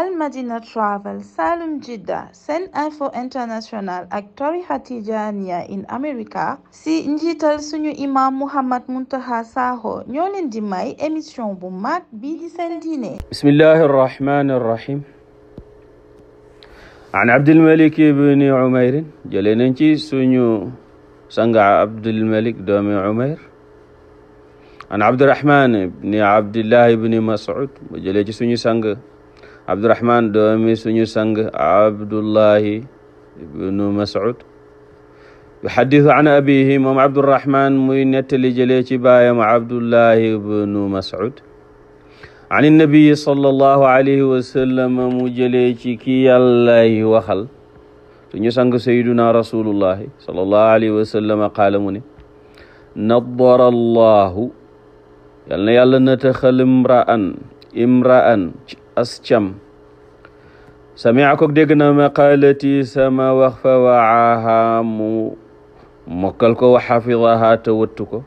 al madina travel salum jidda sen info international ak tarixa tijaniya in america si njiital suñu imam muhammad muntaha sakho ñoo di may émission bu mag bi di seen diine bismillahi arrahmani an abdulmalik ibni umairin jëlee nañ ci suñu sanga abdulmalik doomi umair an abdurahman ibni ci suñu sang abdurahman doomi suñu sang abdullahi ibnu mas'ud yuhaddisu an abihi moom abdurahman muy nettali jëlee ci baayam abdullahi ibnu mas'ud an nabiyi sallallahu alayhi wa sallam mu jëlee ci ki yàllay waxal suñu sang sayyiduna rasulullahi sallallahu alayhi wa sallam qaala mu ne nadara allahu yal na yàlla nataxal imra'an imra'an as cam samia koog dégg na maqaalati sama wax fa waaha mu mokkal ko wa xafidaha te wëttu ko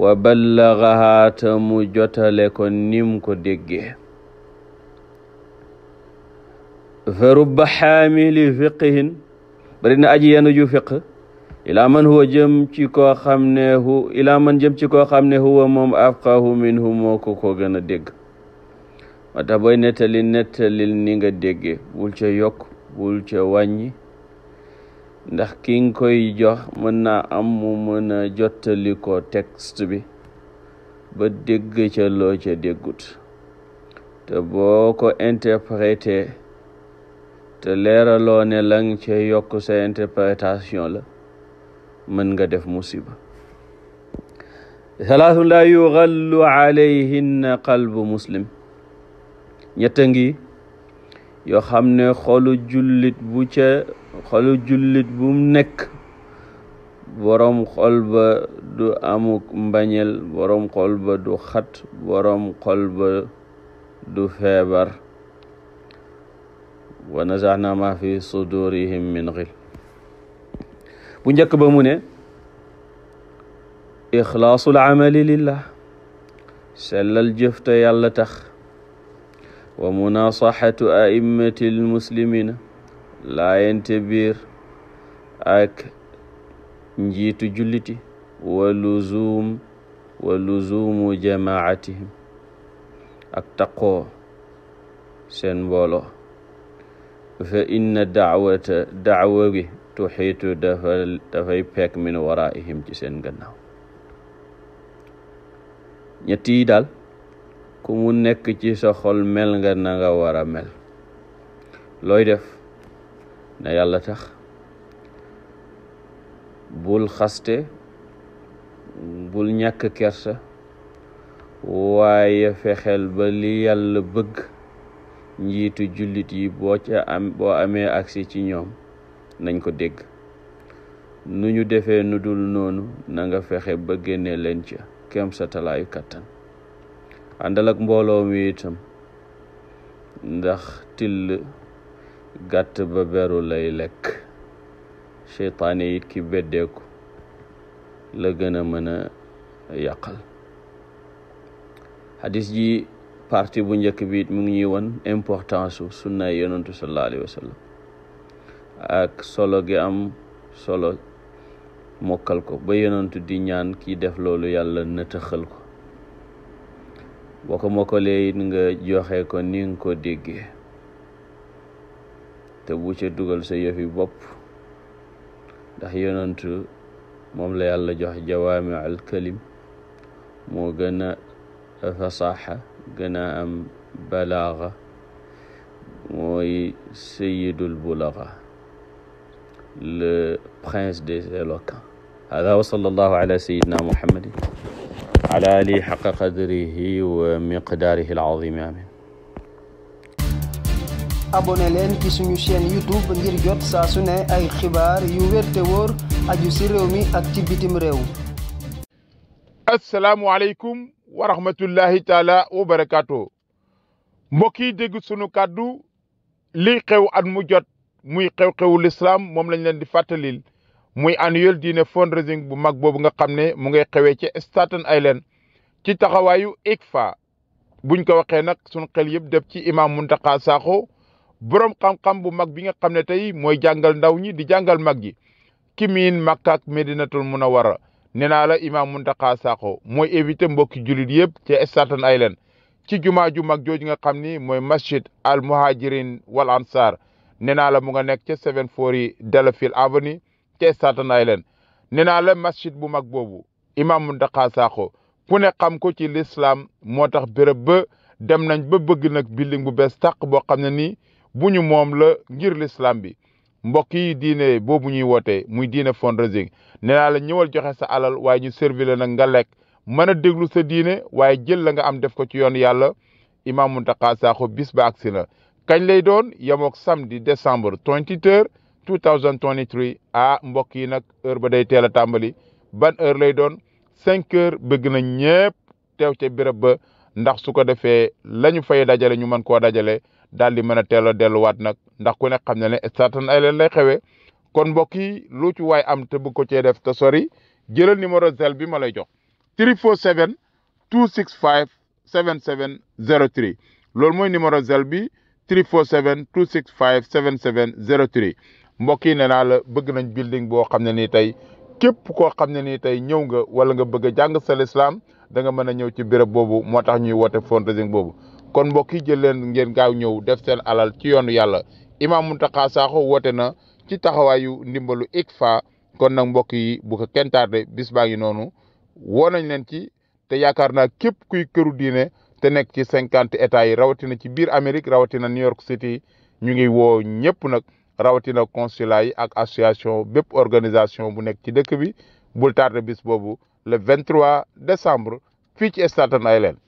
wa ballagaha te mu jotale ko nim ko déggee fa rubba xaamili fiqihin bari na aji yenu ju fiq ilaa man huwa jëm ci koo xam ne hu ilaa man jëm ci koo xam ne huwa moom afqahu minhu moo ko ko gën a dégg ta tax booy nettali nettalil ni nga dégge bul yokk bul ca wàññi ndax ki nga koy jox mën naa am mën a jottali ko texte bi ba dégg ca loo ca déggut te boo ko interprété te leeraloo ne lang ca yokk sa interprétation la mën nga def musiba salaatun laa yuxallu alayhinna qalbu muslim ñett ngi yoo xam ne xolu jullit bu ca xolu jullit bu nekk boroom xol ba du amuk mbañel boroom xol du xat boroom xol du feebar wa nazaxna ma fi sudurihim min xil bu njëkk ba mu ne ixlaasul amali lillah sellal jëf te yàlla tax wa munasaxatu a'immati lmuslimina laayante biir ak njiitu julliti wa luzum jamaatihim ak taqoo seen mbooloo fa inna daawata daawa gi tuxiitu dafa dafay pek min waraihim ci seen gannaaw ñett yi ku mu nekk ci sa xol mel nga na war a mel looy def na yàlla tax bul xaste bul ñàkk kersa waaye fexeel ba li yàlla bëgg njiitu jullit yi boo ca am boo amee agsi ci ñoom nañ ko dégg nu ñu defee nu dul noonu na nga fexe ba génne leen ca kem sa talaayu kàttan àndal ak mbooloo mi itam ndax till gàtt ba beru lay lekk seytaane it ki beddeeku la gën a mën a yàqal hadis ji parti bu njëkk bi it mu ngi ñuy won importance su sunnaay yonantu sallallahu alayhi wa ak solo gi am solo mokkal ko ba yonantu di ñaan kii def loolu yàlla nëtëxal ko boo ko mokkalee it nga joxe ko ni nga ko déggee te bu ca dugal sa yëfi bopp ndax yonantu moom la yàlla jox jawaami al kalim moo gën a fasaxa gën a am balaaxa mooy sayidul bulaxa le prince des éloquents hada wa sallallahu ala sayidina muhammadin ala ali xaqa qadrihi wa miqdaarihi al-aziim amiin abonné leen ci suñu chaîne youtube ngir jot saa su ne ay xibaar yu wér te wóor aju si réew mi ak ci bitim réew asalaamualeykum wa rahmatullahi taala wa barakaatu mbokk yi dégg sunu kàddu lii xew at mu jot muy xew-xewu lislaam moom lañ leen di fàttalil muy diine dîner fundraising bu mag boobu nga xam ne mu ngay xewee ci Staten Island ci taxawaayu ICFA buñ ko waxee nag sunu xel yëpp def ci imam Muntaxa saako borom xam-xam bu mag bi nga xam ne tey mooy jàngal ndaw ñi di jàngal mag gi ki miin Makka ak Medinatul Munawwara nee naa la imam Muntaxa Sakho mooy éviter mbokki jullit yëpp ci Staten Island ci jumaa ju mag jooju nga xam ni mooy masjid al muhajirin wal ansar nee naa la mu nga nekk ca 740 Delafield Avenue Cees saatanaay leen nee naa la masjid bu mag boobu imam Mountakha Sakho ku ne xam ko ci lislaam moo tax béréb ba dem nañ ba bëgg nag building bu bees tàq boo xam ne nii bu ñu moom la ngir lislaam bi mbokk yi diine boobu ñuy wootee muy diine fundraising nee naa la ñëwal joxe sa alal waaye ñu servir la nag nga lekk mën a déglu sa diine waaye jël la nga am def ko ci yoon yàlla imam Mountakha Sakho bis ba agsi na kañ lay doon yemook samedi décembre 20 heures 2023 ah mbokk yi nag heure ba day teel a tàmbali ban heure lay doon cinq heures bëgg na ñëpp teew ca béréb ba ndax su ko defee la ñu fay dajale ñu mën koo dajale daal di mën a teel a delluwaat nag ndax ku ne xam ne ne satan ay leen lay xewee kon mbokk yi lu ci waay am te bëgg ko cee def te sori jëlal numéro zel bi ma lay jox 347 265 7703 loolu mooy numéro zel bi 347 265 7703 mbokk yi nee naa la bëgg nañ building boo xam ne nii tey képp koo xam ne nii tey ñëw nga wala nga bëgg a jàng sa lislaam da mën a ñëw ci béréb boobu moo tax ñuy woote fundraising boobu kon mbokk yi jël leen ngeen gaaw ñëw def seen alal ci yoonu yàlla imaam Mountakha Sakho woote na ci taxawaayu ndimbalu ICFA kon nag mbokk yi bu ko kenn tardé noonu woo nañ leen ci te yaakaar naa képp kuy këru diine te nekk ci cinquante états yi rawatina ci biir Amérique rawatina New York City ñu ngi woo ñëpp nag rawatina consulat yi ak association bépp organisation bu nekk ci dëkk bi bul tardé bis boobu le 23 décembre fii ci Staten Island